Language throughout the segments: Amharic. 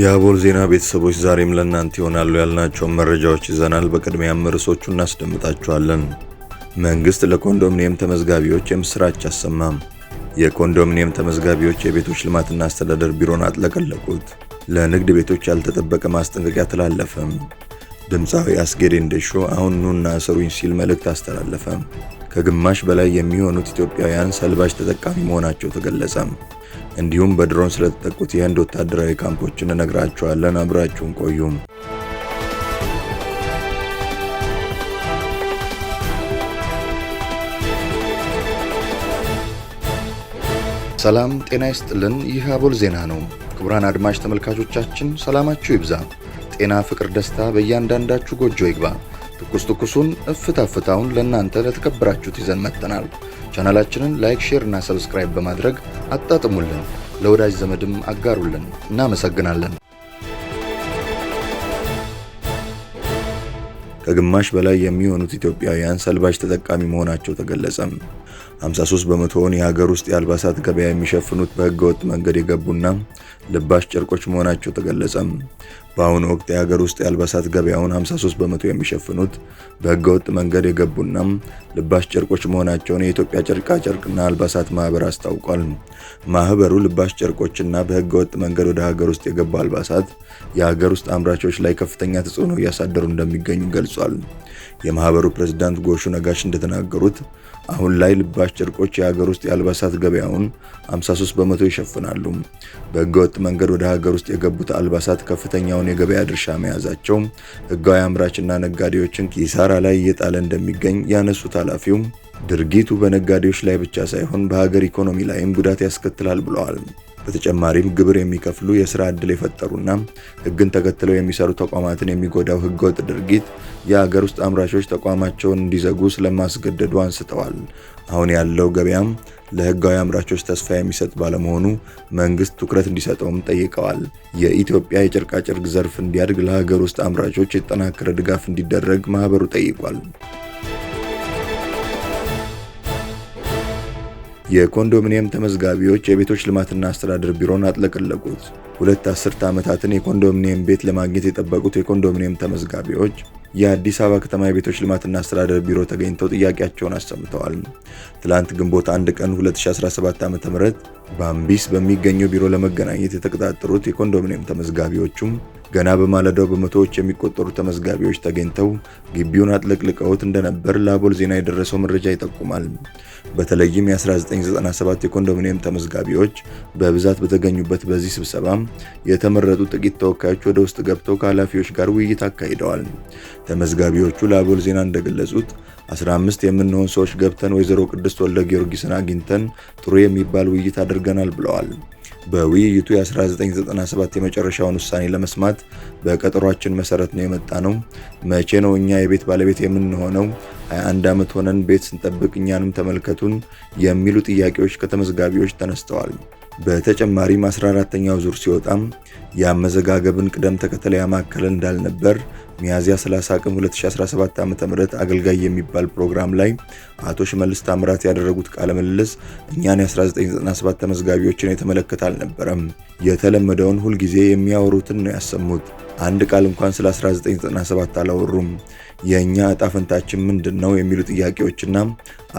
የአቦል ዜና ቤተሰቦች ዛሬም ለእናንተ ይሆናሉ ያልናቸውን መረጃዎች ይዘናል። በቅድሚያ ርዕሶቹ እናስደምጣችኋለን። መንግስት ለኮንዶሚኒየም ተመዝጋቢዎች የምስራች አሰማም። የኮንዶሚኒየም ተመዝጋቢዎች የቤቶች ልማትና አስተዳደር ቢሮን አጥለቀለቁት። ለንግድ ቤቶች ያልተጠበቀ ማስጠንቀቂያ ተላለፈም። ድምፃዊ አስጌ ዴንዴሾ አሁን ኑና እስሩኝ ሲል መልእክት አስተላለፈም። ከግማሽ በላይ የሚሆኑት ኢትዮጵያውያን ሰልባጅ ተጠቃሚ መሆናቸው ተገለጸም። እንዲሁም በድሮን ስለተጠቁት የህንድ ወታደራዊ ካምፖችን እነግራችኋለን። አብራችሁን ቆዩም። ሰላም ጤና ይስጥልን። ይህ አቦል ዜና ነው። ክቡራን አድማጭ ተመልካቾቻችን ሰላማችሁ ይብዛ፣ ጤና፣ ፍቅር፣ ደስታ በእያንዳንዳችሁ ጎጆ ይግባ። ትኩስ ትኩሱን እፍታ ፍታውን ለእናንተ ለተከበራችሁት ይዘን መጥተናል። ቻናላችንን ላይክ፣ ሼር እና ሰብስክራይብ በማድረግ አጣጥሙልን፣ ለወዳጅ ዘመድም አጋሩልን። እናመሰግናለን። ከግማሽ በላይ የሚሆኑት ኢትዮጵያውያን ሰልባጅ ተጠቃሚ መሆናቸው ተገለጸም። 53 በመቶውን የሀገር ውስጥ የአልባሳት ገበያ የሚሸፍኑት በህገወጥ መንገድ የገቡና ልባሽ ጨርቆች መሆናቸው ተገለጸም። በአሁኑ ወቅት የሀገር ውስጥ የአልባሳት ገበያውን 53 በመቶ የሚሸፍኑት በህገወጥ መንገድ የገቡና ልባሽ ጨርቆች መሆናቸውን የኢትዮጵያ ጨርቃ ጨርቅና አልባሳት ማህበር አስታውቋል። ማህበሩ ልባሽ ጨርቆችና በህገወጥ መንገድ ወደ ሀገር ውስጥ የገቡ አልባሳት የሀገር ውስጥ አምራቾች ላይ ከፍተኛ ተጽዕኖ እያሳደሩ እንደሚገኙ ገልጿል። የማህበሩ ፕሬዝዳንት ጎሹ ነጋሽ እንደተናገሩት አሁን ላይ ልባሽ ጨርቆች የሀገር ውስጥ የአልባሳት ገበያውን 53 በመቶ ይሸፍናሉ። በህገወጥ መንገድ ወደ ሀገር ውስጥ የገቡት አልባሳት ከፍተኛውን የገበያ ድርሻ መያዛቸው ህጋዊ አምራችና ነጋዴዎችን ኪሳራ ላይ እየጣለ እንደሚገኝ ያነሱት ኃላፊው ድርጊቱ በነጋዴዎች ላይ ብቻ ሳይሆን በሀገር ኢኮኖሚ ላይም ጉዳት ያስከትላል ብለዋል። በተጨማሪም ግብር የሚከፍሉ የስራ ዕድል የፈጠሩና ህግን ተከትለው የሚሰሩ ተቋማትን የሚጎዳው ህገወጥ ድርጊት የሀገር ውስጥ አምራቾች ተቋማቸውን እንዲዘጉ ስለማስገደዱ አንስተዋል። አሁን ያለው ገበያም ለህጋዊ አምራቾች ተስፋ የሚሰጥ ባለመሆኑ መንግስት ትኩረት እንዲሰጠውም ጠይቀዋል። የኢትዮጵያ የጨርቃጨርቅ ዘርፍ እንዲያድግ ለሀገር ውስጥ አምራቾች የተጠናከረ ድጋፍ እንዲደረግ ማህበሩ ጠይቋል። የኮንዶሚኒየም ተመዝጋቢዎች የቤቶች ልማትና አስተዳደር ቢሮን አጥለቀለቁት። ሁለት አስርተ ዓመታትን የኮንዶሚኒየም ቤት ለማግኘት የጠበቁት የኮንዶሚኒየም ተመዝጋቢዎች የአዲስ አበባ ከተማ የቤቶች ልማትና አስተዳደር ቢሮ ተገኝተው ጥያቄያቸውን አሰምተዋል። ትላንት ግንቦት አንድ ቀን 2017 ዓ.ም በአምቢስ በሚገኘው ቢሮ ለመገናኘት የተቀጣጠሩት የኮንዶሚኒየም ተመዝጋቢዎቹም ገና በማለዳው በመቶዎች የሚቆጠሩ ተመዝጋቢዎች ተገኝተው ግቢውን አጥለቅልቀውት እንደነበር ለአቦል ዜና የደረሰው መረጃ ይጠቁማል። በተለይም የ1997 የኮንዶሚኒየም ተመዝጋቢዎች በብዛት በተገኙበት በዚህ ስብሰባ የተመረጡ ጥቂት ተወካዮች ወደ ውስጥ ገብተው ከኃላፊዎች ጋር ውይይት አካሂደዋል። ተመዝጋቢዎቹ ለአቦል ዜና እንደገለጹት 15 የምንሆን ሰዎች ገብተን ወይዘሮ ቅድስት ወልደ ጊዮርጊስን አግኝተን ጥሩ የሚባል ውይይት አድርገናል ብለዋል። በውይይቱ የ1997 የመጨረሻውን ውሳኔ ለመስማት በቀጠሯችን መሰረት ነው የመጣ ነው። መቼ ነው እኛ የቤት ባለቤት የምንሆነው? 21 ዓመት ሆነን ቤት ስንጠብቅ እኛንም ተመልከቱን የሚሉ ጥያቄዎች ከተመዝጋቢዎች ተነስተዋል። በተጨማሪም 14ተኛው ዙር ሲወጣም የአመዘጋገብን ቅደም ተከተል ያማከለ እንዳልነበር ሚያዝያ 30 ቀን 2017 ዓ.ም አገልጋይ የሚባል ፕሮግራም ላይ አቶ ሽመልስ ታምራት ያደረጉት ቃለ ምልልስ እኛን የ1997 ተመዝጋቢዎችን የተመለከተ አልነበረም። የተለመደውን ሁልጊዜ የሚያወሩትን ነው ያሰሙት። አንድ ቃል እንኳን ስለ 1997 አላወሩም። የእኛ እጣ ፈንታችን ምንድን ነው የሚሉ ጥያቄዎችና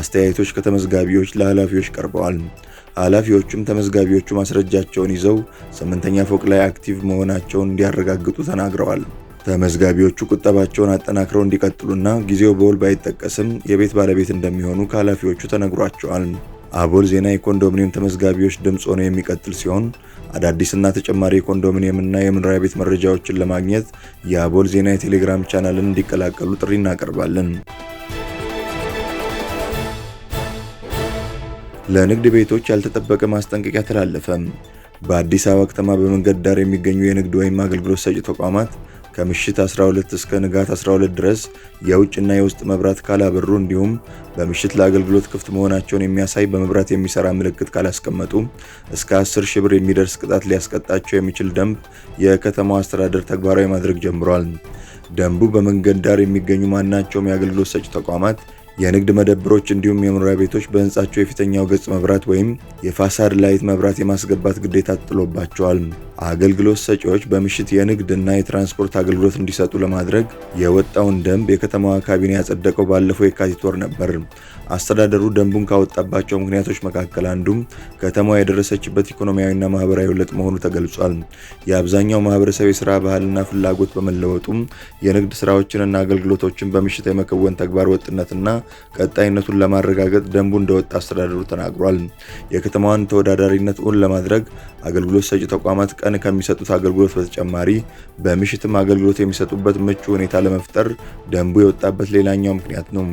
አስተያየቶች ከተመዝጋቢዎች ለኃላፊዎች ቀርበዋል። ኃላፊዎቹም ተመዝጋቢዎቹ ማስረጃቸውን ይዘው ስምንተኛ ፎቅ ላይ አክቲቭ መሆናቸውን እንዲያረጋግጡ ተናግረዋል። ተመዝጋቢዎቹ ቁጠባቸውን አጠናክረው እንዲቀጥሉና ጊዜው በውል ባይጠቀስም የቤት ባለቤት እንደሚሆኑ ከኃላፊዎቹ ተነግሯቸዋል። አቦል ዜና የኮንዶሚኒየም ተመዝጋቢዎች ድምፅ ሆኖ የሚቀጥል ሲሆን አዳዲስና ተጨማሪ የኮንዶሚኒየምና የመኖሪያ ቤት መረጃዎችን ለማግኘት የአቦል ዜና የቴሌግራም ቻናልን እንዲቀላቀሉ ጥሪ እናቀርባለን። ለንግድ ቤቶች ያልተጠበቀ ማስጠንቀቂያ ተላለፈም። በአዲስ አበባ ከተማ በመንገድ ዳር የሚገኙ የንግድ ወይም አገልግሎት ሰጪ ተቋማት ከምሽት 12 እስከ ንጋት 12 ድረስ የውጭና የውስጥ መብራት ካላበሩ እንዲሁም በምሽት ለአገልግሎት ክፍት መሆናቸውን የሚያሳይ በመብራት የሚሰራ ምልክት ካላስቀመጡ እስከ 10 ሺህ ብር የሚደርስ ቅጣት ሊያስቀጣቸው የሚችል ደንብ የከተማው አስተዳደር ተግባራዊ ማድረግ ጀምሯል። ደንቡ በመንገድ ዳር የሚገኙ ማናቸውም የአገልግሎት ሰጪ ተቋማት የንግድ መደብሮች እንዲሁም የመኖሪያ ቤቶች በህንፃቸው የፊተኛው ገጽ መብራት ወይም የፋሳድ ላይት መብራት የማስገባት ግዴታ ተጥሎባቸዋል። አገልግሎት ሰጪዎች በምሽት የንግድ እና የትራንስፖርት አገልግሎት እንዲሰጡ ለማድረግ የወጣውን ደንብ የከተማዋ ካቢኔ ያጸደቀው ባለፈው የካቲት ወር ነበር። አስተዳደሩ ደንቡን ካወጣባቸው ምክንያቶች መካከል አንዱም ከተማዋ የደረሰችበት ኢኮኖሚያዊና ማህበራዊ ለውጥ መሆኑ ተገልጿል። የአብዛኛው ማህበረሰብ የስራ ባህልና ፍላጎት በመለወጡም የንግድ ስራዎችንና አገልግሎቶችን በምሽት የመከወን ተግባር ወጥነትና ቀጣይነቱን ለማረጋገጥ ደንቡ እንደወጣ አስተዳደሩ ተናግሯል። የከተማዋን ተወዳዳሪነት እውን ለማድረግ አገልግሎት ሰጪ ተቋማት ቀን ከሚሰጡት አገልግሎት በተጨማሪ በምሽትም አገልግሎት የሚሰጡበት ምቹ ሁኔታ ለመፍጠር ደንቡ የወጣበት ሌላኛው ምክንያት ነው።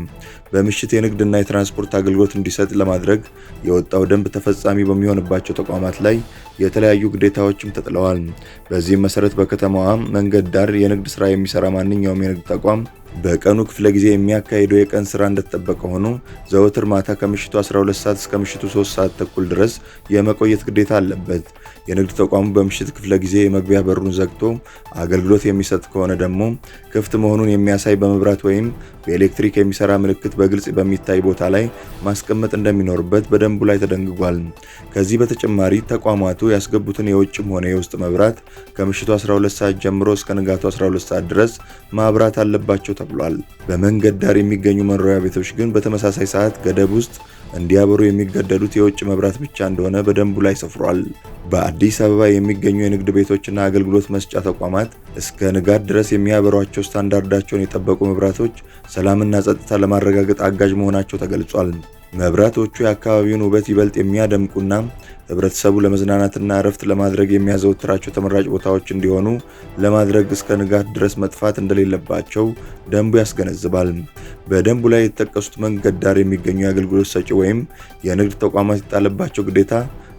በምሽት የንግድና የትራንስፖርት አገልግሎት እንዲሰጥ ለማድረግ የወጣው ደንብ ተፈጻሚ በሚሆንባቸው ተቋማት ላይ የተለያዩ ግዴታዎችም ተጥለዋል። በዚህም መሰረት በከተማዋ መንገድ ዳር የንግድ ስራ የሚሰራ ማንኛውም የንግድ ተቋም በቀኑ ክፍለ ጊዜ የሚያካሂደው የቀን ስራ እንደተጠበቀ ሆኖ ዘወትር ማታ ከምሽቱ 12 ሰዓት እስከ ምሽቱ 3 ሰዓት ተኩል ድረስ የመቆየት ግዴታ አለበት። የንግድ ተቋሙ በምሽት ክፍለ ጊዜ የመግቢያ በሩን ዘግቶ አገልግሎት የሚሰጥ ከሆነ ደግሞ ክፍት መሆኑን የሚያሳይ በመብራት ወይም በኤሌክትሪክ የሚሰራ ምልክት በግልጽ በሚታይ ቦታ ላይ ማስቀመጥ እንደሚኖርበት በደንቡ ላይ ተደንግጓል። ከዚህ በተጨማሪ ተቋማቱ ያስገቡትን የውጭም ሆነ የውስጥ መብራት ከምሽቱ 12 ሰዓት ጀምሮ እስከ ንጋቱ 12 ሰዓት ድረስ ማብራት አለባቸው ተብሏል። በመንገድ ዳር የሚገኙ መኖሪያ ቤቶች ግን በተመሳሳይ ሰዓት ገደብ ውስጥ እንዲያበሩ የሚገደዱት የውጭ መብራት ብቻ እንደሆነ በደንቡ ላይ ሰፍሯል። በአዲስ አበባ የሚገኙ የንግድ ቤቶችና አገልግሎት መስጫ ተቋማት እስከ ንጋት ድረስ የሚያበሯቸው ስታንዳርዳቸውን የጠበቁ መብራቶች ሰላምና ጸጥታ ለማረጋገጥ አጋዥ መሆናቸው ተገልጿል። መብራቶቹ የአካባቢውን ውበት ይበልጥ የሚያደምቁና ህብረተሰቡ ለመዝናናትና እረፍት ለማድረግ የሚያዘወትራቸው ተመራጭ ቦታዎች እንዲሆኑ ለማድረግ እስከ ንጋት ድረስ መጥፋት እንደሌለባቸው ደንቡ ያስገነዝባል። በደንቡ ላይ የተጠቀሱት መንገድ ዳር የሚገኙ የአገልግሎት ሰጪ ወይም የንግድ ተቋማት የጣለባቸው ግዴታ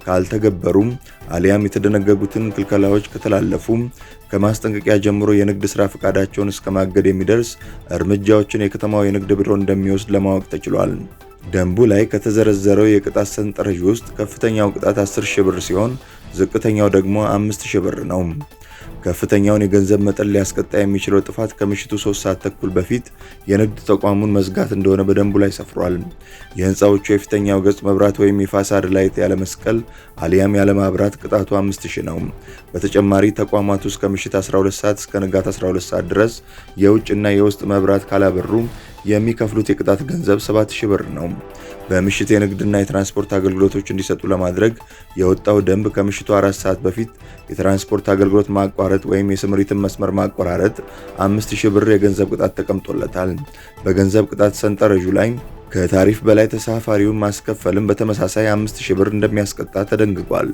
ካልተገበሩም አሊያም የተደነገጉትን ክልከላዎች ከተላለፉም ከማስጠንቀቂያ ጀምሮ የንግድ ስራ ፈቃዳቸውን እስከ ማገድ የሚደርስ እርምጃዎችን የከተማው የንግድ ቢሮ እንደሚወስድ ለማወቅ ተችሏል። ደንቡ ላይ ከተዘረዘረው የቅጣት ሰንጠረዥ ውስጥ ከፍተኛው ቅጣት 10 ሺህ ብር ሲሆን ዝቅተኛው ደግሞ 5 ሺህ ብር ነው። ከፍተኛውን የገንዘብ መጠን ሊያስቀጣ የሚችለው ጥፋት ከምሽቱ ሶስት ሰዓት ተኩል በፊት የንግድ ተቋሙን መዝጋት እንደሆነ በደንቡ ላይ ሰፍሯል። የህንፃዎቹ የፊተኛው ገጽ መብራት ወይም የፋሳድ ላይት ያለመስቀል አሊያም ያለማብራት ቅጣቱ 5000 ነው። በተጨማሪ ተቋማት ውስጥ ከምሽት 12 ሰዓት እስከ ንጋት 12 ሰዓት ድረስ የውጭና የውስጥ መብራት ካላበሩ የሚከፍሉት የቅጣት ገንዘብ 7000 ብር ነው። በምሽት የንግድና የትራንስፖርት አገልግሎቶች እንዲሰጡ ለማድረግ የወጣው ደንብ ከምሽቱ አራት ሰዓት በፊት የትራንስፖርት አገልግሎት ማቋረጥ ወይም የስምሪትን መስመር ማቆራረጥ 5000 ብር የገንዘብ ቅጣት ተቀምጦለታል። በገንዘብ ቅጣት ሰንጠረዡ ላይ ከታሪፍ በላይ ተሳፋሪውን ማስከፈልም በተመሳሳይ 5000 ብር እንደሚያስቀጣ ተደንግጓል።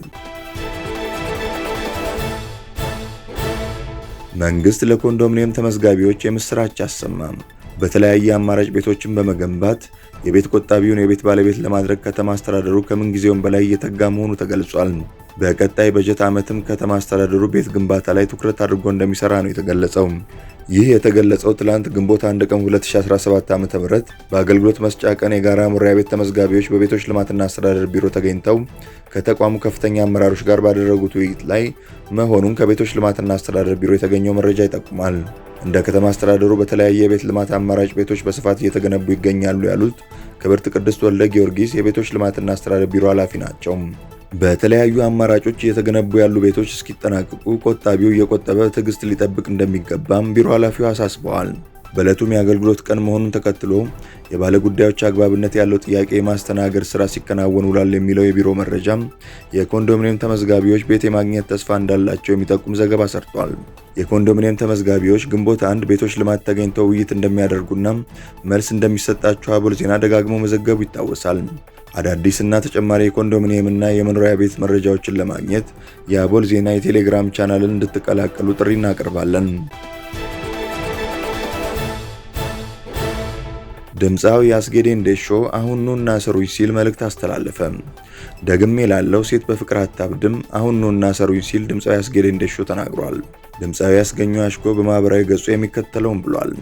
መንግስት ለኮንዶሚኒየም ተመዝጋቢዎች የምስራች አሰማም። በተለያየ አማራጭ ቤቶችን በመገንባት የቤት ቆጣቢውን የቤት ባለቤት ለማድረግ ከተማ አስተዳደሩ ከምንጊዜውም በላይ እየተጋ መሆኑ ተገልጿል። በቀጣይ በጀት ዓመትም ከተማ አስተዳደሩ ቤት ግንባታ ላይ ትኩረት አድርጎ እንደሚሰራ ነው የተገለጸው። ይህ የተገለጸው ትላንት ግንቦት 1 ቀን 2017 ዓ.ም በአገልግሎት መስጫ ቀን የጋራ መኖሪያ ቤት ተመዝጋቢዎች በቤቶች ልማትና አስተዳደር ቢሮ ተገኝተው ከተቋሙ ከፍተኛ አመራሮች ጋር ባደረጉት ውይይት ላይ መሆኑን ከቤቶች ልማትና አስተዳደር ቢሮ የተገኘው መረጃ ይጠቁማል። እንደ ከተማ አስተዳደሩ በተለያየ የቤት ልማት አማራጭ ቤቶች በስፋት እየተገነቡ ይገኛሉ ያሉት ክብርት ቅድስት ወልደ ጊዮርጊስ የቤቶች ልማትና አስተዳደር ቢሮ ኃላፊ ናቸው። በተለያዩ አማራጮች እየተገነቡ ያሉ ቤቶች እስኪጠናቀቁ ቆጣቢው እየቆጠበ ትዕግስት ሊጠብቅ እንደሚገባም ቢሮ ኃላፊው አሳስበዋል። በዕለቱም የአገልግሎት ቀን መሆኑን ተከትሎ የባለ ጉዳዮች አግባብነት ያለው ጥያቄ የማስተናገድ ስራ ሲከናወን ውሏል የሚለው የቢሮ መረጃም የኮንዶሚኒየም ተመዝጋቢዎች ቤት የማግኘት ተስፋ እንዳላቸው የሚጠቁም ዘገባ ሰርቷል። የኮንዶሚኒየም ተመዝጋቢዎች ግንቦት አንድ ቤቶች ልማት ተገኝተው ውይይት እንደሚያደርጉና መልስ እንደሚሰጣቸው አቦል ዜና ደጋግሞ መዘገቡ ይታወሳል። አዳዲስና ተጨማሪ የኮንዶሚኒየምና የመኖሪያ ቤት መረጃዎችን ለማግኘት የአቦል ዜና የቴሌግራም ቻናልን እንድትቀላቀሉ ጥሪ እናቀርባለን። ድምፃዊ አስጌዴ እንደሾ አሁን ኑ ሰሩኝ ሲል መልእክት አስተላለፈ። ደግሜ ላለው ሴት በፍቅር አታብድም፣ አሁን ኑ እናሰሩኝ ሲል ድምፃዊ አስጌዴ እንደሾ ተናግሯል። ድምፃዊ ያስገኘው አሽኮ በማኅበራዊ ገጹ የሚከተለውን ብሏል።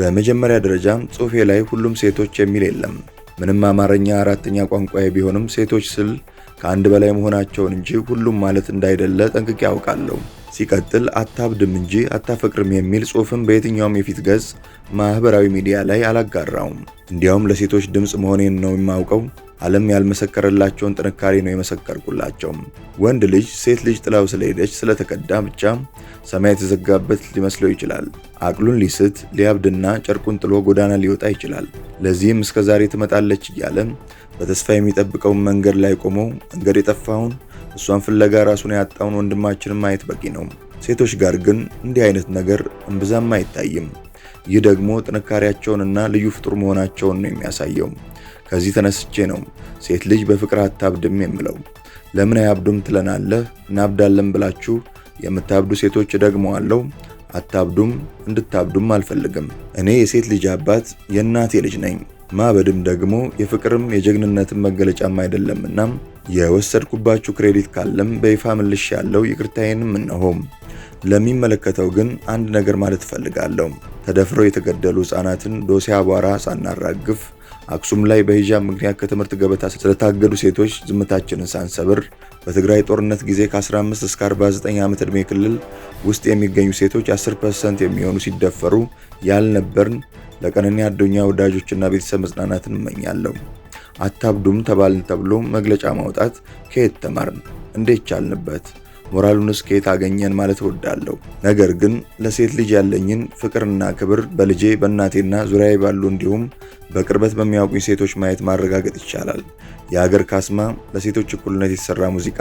በመጀመሪያ ደረጃ ጽሑፌ ላይ ሁሉም ሴቶች የሚል የለም ምንም አማርኛ አራተኛ ቋንቋ ቢሆንም ሴቶች ስል ከአንድ በላይ መሆናቸውን እንጂ ሁሉም ማለት እንዳይደለ ጠንቅቄ ያውቃለሁ። ሲቀጥል አታብድም እንጂ አታፈቅርም የሚል ጽሑፍም በየትኛውም የፊት ገጽ ማህበራዊ ሚዲያ ላይ አላጋራውም። እንዲያውም ለሴቶች ድምፅ መሆኔን ነው የማውቀው። ዓለም ያልመሰከረላቸውን ጥንካሬ ነው የመሰከርኩላቸው። ወንድ ልጅ ሴት ልጅ ጥላው ስለሄደች ስለተከዳ ብቻ ሰማይ የተዘጋበት ሊመስለው ይችላል። አቅሉን ሊስት ሊያብድና ጨርቁን ጥሎ ጎዳና ሊወጣ ይችላል። ለዚህም እስከ ዛሬ ትመጣለች እያለ በተስፋ የሚጠብቀውን መንገድ ላይ ቆመው መንገድ የጠፋውን እሷን ፍለጋ ራሱን ያጣውን ወንድማችን ማየት በቂ ነው። ሴቶች ጋር ግን እንዲህ አይነት ነገር እምብዛም አይታይም። ይህ ደግሞ ጥንካሬያቸውንና ልዩ ፍጡር መሆናቸውን ነው የሚያሳየው። ከዚህ ተነስቼ ነው ሴት ልጅ በፍቅር አታብድም የምለው። ለምን አያብዱም ትለናለህ? እናብዳለን ብላችሁ የምታብዱ ሴቶች ደግመዋለው፣ አታብዱም፣ እንድታብዱም አልፈልግም። እኔ የሴት ልጅ አባት የእናቴ ልጅ ነኝ። ማበድም ደግሞ የፍቅርም የጀግንነትም መገለጫም አይደለምና የወሰድኩባችሁ ክሬዲት ካለም በይፋ መልሽ ያለው ይቅርታዬንም እነሆ። ለሚመለከተው ግን አንድ ነገር ማለት እፈልጋለሁ። ተደፍረው የተገደሉ ህጻናትን ዶሴ አቧራ ሳናራግፍ አክሱም ላይ በሂጃብ ምክንያት ከትምህርት ገበታ ስለታገዱ ሴቶች ዝምታችንን ሳንሰብር በትግራይ ጦርነት ጊዜ ከ15 እስከ 49 ዓመት ዕድሜ ክልል ውስጥ የሚገኙ ሴቶች 10% የሚሆኑ ሲደፈሩ ያልነበርን ለቀነኒ አዶኛ ወዳጆችና ቤተሰብ መጽናናትን እመኛለሁ። አታብዱም ተባልን ተብሎ መግለጫ ማውጣት ከየት ተማርን? እንዴት ቻልንበት? ሞራሉንስ ከየት አገኘን ማለት እወዳለሁ። ነገር ግን ለሴት ልጅ ያለኝን ፍቅርና ክብር በልጄ በእናቴና ዙሪያ ባሉ እንዲሁም በቅርበት በሚያውቁኝ ሴቶች ማየት ማረጋገጥ ይቻላል። የሀገር ካስማ ለሴቶች እኩልነት የተሰራ ሙዚቃ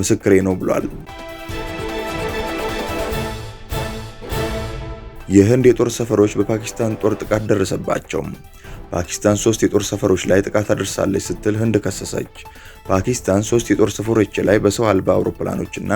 ምስክሬ ነው ብሏል። የህንድ የጦር ሰፈሮች በፓኪስታን ጦር ጥቃት ደረሰባቸው። ፓኪስታን ሶስት የጦር ሰፈሮች ላይ ጥቃት አድርሳለች ስትል ህንድ ከሰሰች። ፓኪስታን ሶስት የጦር ሰፈሮች ላይ በሰው አልባ አውሮፕላኖችና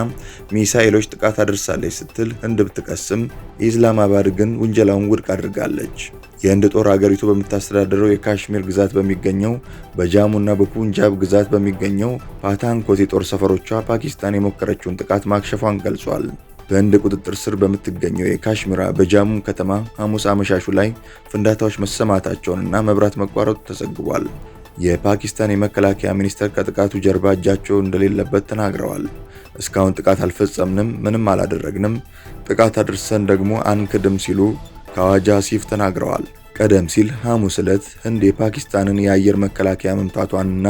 ሚሳኤሎች ጥቃት አድርሳለች ስትል ህንድ ብትከስም የኢስላማባድ ግን ውንጀላውን ውድቅ አድርጋለች። የህንድ ጦር ሀገሪቱ በምታስተዳደረው የካሽሚር ግዛት በሚገኘው በጃሙና በፑንጃብ ግዛት በሚገኘው ፓታንኮት የጦር ሰፈሮቿ ፓኪስታን የሞከረችውን ጥቃት ማክሸፏን ገልጿል። በህንድ ቁጥጥር ስር በምትገኘው የካሽሚራ በጃሙ ከተማ ሐሙስ አመሻሹ ላይ ፍንዳታዎች መሰማታቸውንና መብራት መቋረጡ ተዘግቧል። የፓኪስታን የመከላከያ ሚኒስቴር ከጥቃቱ ጀርባ እጃቸው እንደሌለበት ተናግረዋል። እስካሁን ጥቃት አልፈጸምንም፣ ምንም አላደረግንም፣ ጥቃት አድርሰን ደግሞ አንክድም ሲሉ ካዋጃ ሲፍ ተናግረዋል። ቀደም ሲል ሐሙስ ዕለት ህንድ የፓኪስታንን የአየር መከላከያ መምታቷንና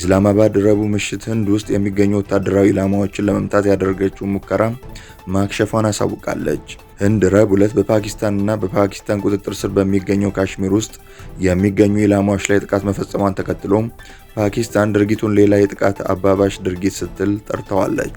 ኢስላማባድ ረቡዕ ምሽት ህንድ ውስጥ የሚገኙ ወታደራዊ ኢላማዎችን ለመምታት ያደረገችው ሙከራ ማክሸፏን አሳውቃለች። ህንድ ረቡዕ ዕለት በፓኪስታንና በፓኪስታን ቁጥጥር ስር በሚገኘው ካሽሚር ውስጥ የሚገኙ ኢላማዎች ላይ ጥቃት መፈጸሟን ተከትሎም ፓኪስታን ድርጊቱን ሌላ የጥቃት አባባሽ ድርጊት ስትል ጠርተዋለች።